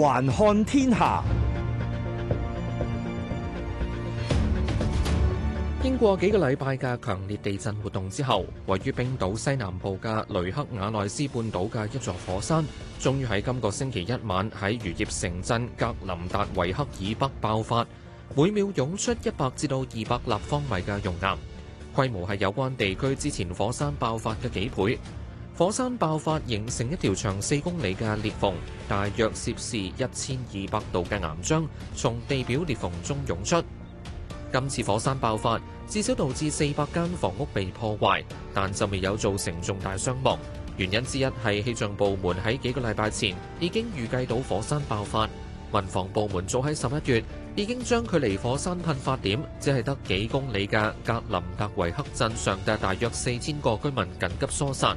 環看天下。經過幾個禮拜嘅強烈地震活動之後，位於冰島西南部嘅雷克雅內斯半島嘅一座火山，終於喺今個星期一晚喺漁業城鎮格林達維克以北爆發，每秒湧出一百至到二百立方米嘅熔岩，規模係有關地區之前火山爆發嘅幾倍。火山爆發形成一條長四公里嘅裂縫，大約攝氏一千二百度嘅岩漿從地表裂縫中湧出。今次火山爆發至少導致四百間房屋被破壞，但就未有造成重大傷亡。原因之一係氣象部門喺幾個禮拜前已經預計到火山爆發，民防部門早喺十一月已經將距離火山噴發點只係得幾公里嘅格林德維克鎮上嘅大約四千個居民緊急疏散。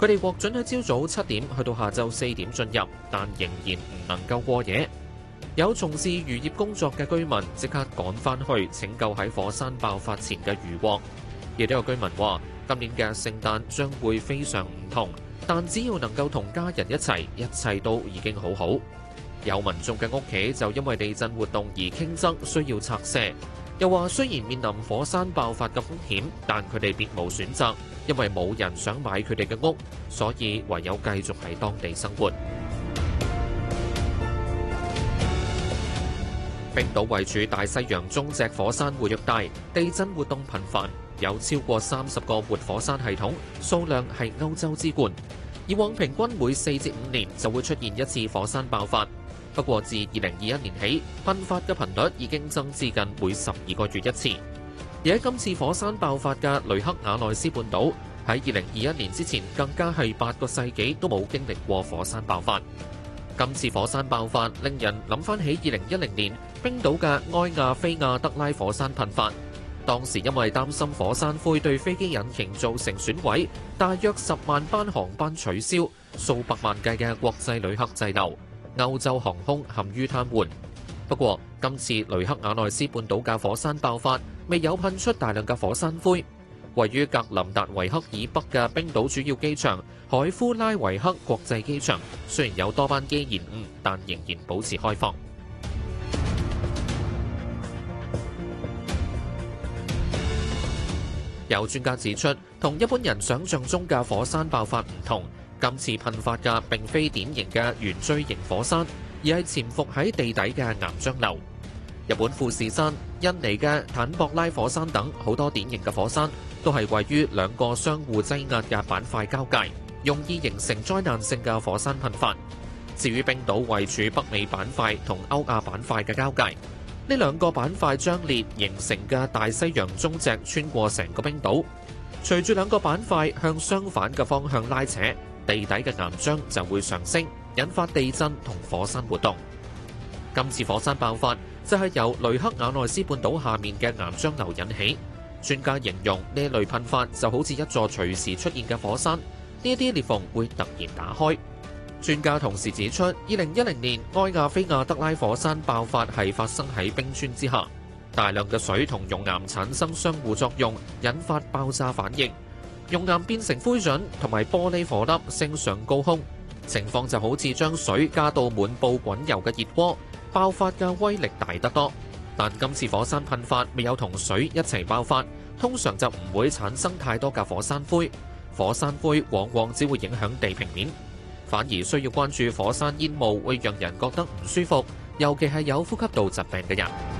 佢哋獲准喺朝早七點去到下晝四點進入，但仍然唔能夠過夜。有從事漁業工作嘅居民即刻趕返去拯救喺火山爆發前嘅漁獲。亦都有居民話，今年嘅聖誕將會非常唔同，但只要能夠同家人一齊，一切都已經好好。有民眾嘅屋企就因為地震活動而傾側，需要拆卸。又話雖然面臨火山爆發嘅風險，但佢哋別無選擇，因為冇人想買佢哋嘅屋，所以唯有繼續喺當地生活。 冰島位處大西洋中脊火山活躍帶，地震活動頻繁，有超過三十個活火山系統，數量係歐洲之冠。以往平均每四至五年就會出現一次火山爆發。不過，自二零二一年起，噴發嘅頻率已經增至近每十二個月一次。而喺今次火山爆發嘅雷克雅內斯半島，喺二零二一年之前更加係八個世紀都冇經歷過火山爆發。今次火山爆發令人諗翻起二零一零年冰島嘅埃亞菲亞德拉火山噴發，當時因為擔心火山灰對飛機引擎造成損毀，大約十萬班航班取消，數百萬計嘅國際旅客滯留。歐洲航空陷於癱瘓。不過，今次雷克雅內斯半島嘅火山爆發未有噴出大量嘅火山灰。位於格林達維克以北嘅冰島主要機場海夫拉維克國際機場，雖然有多班機延誤，但仍然保持開放。有專家指出，同一般人想象中嘅火山爆發唔同。今次噴發嘅並非典型嘅圓錐形火山，而係潛伏喺地底嘅岩漿流。日本富士山、印尼嘅坦博拉火山等好多典型嘅火山，都係位於兩個相互擠壓嘅板塊交界，容易形成災難性嘅火山噴發。至於冰島位處北美板塊同歐亞板塊嘅交界，呢兩個板塊張裂形成嘅大西洋中脊，穿過成個冰島，隨住兩個板塊向相反嘅方向拉扯。地底嘅岩漿就會上升，引發地震同火山活動。今次火山爆發就係由雷克雅內斯半島下面嘅岩漿流引起。專家形容呢類噴發就好似一座隨時出現嘅火山，呢啲裂縫會突然打開。專家同時指出，二零一零年埃亞菲亞德拉火山爆發係發生喺冰川之下，大量嘅水同熔岩產生相互作用，引發爆炸反應。熔岩變成灰燼同埋玻璃火粒升上高空，情況就好似將水加到滿布滾油的熱鍋，爆發嘅威力大得多。但今次火山噴發未有同水一齊爆發，通常就唔會產生太多嘅火山灰，火山灰往往只會影響地平面，反而需要關注火山煙霧，會讓人覺得唔舒服，尤其係有呼吸道疾病的人。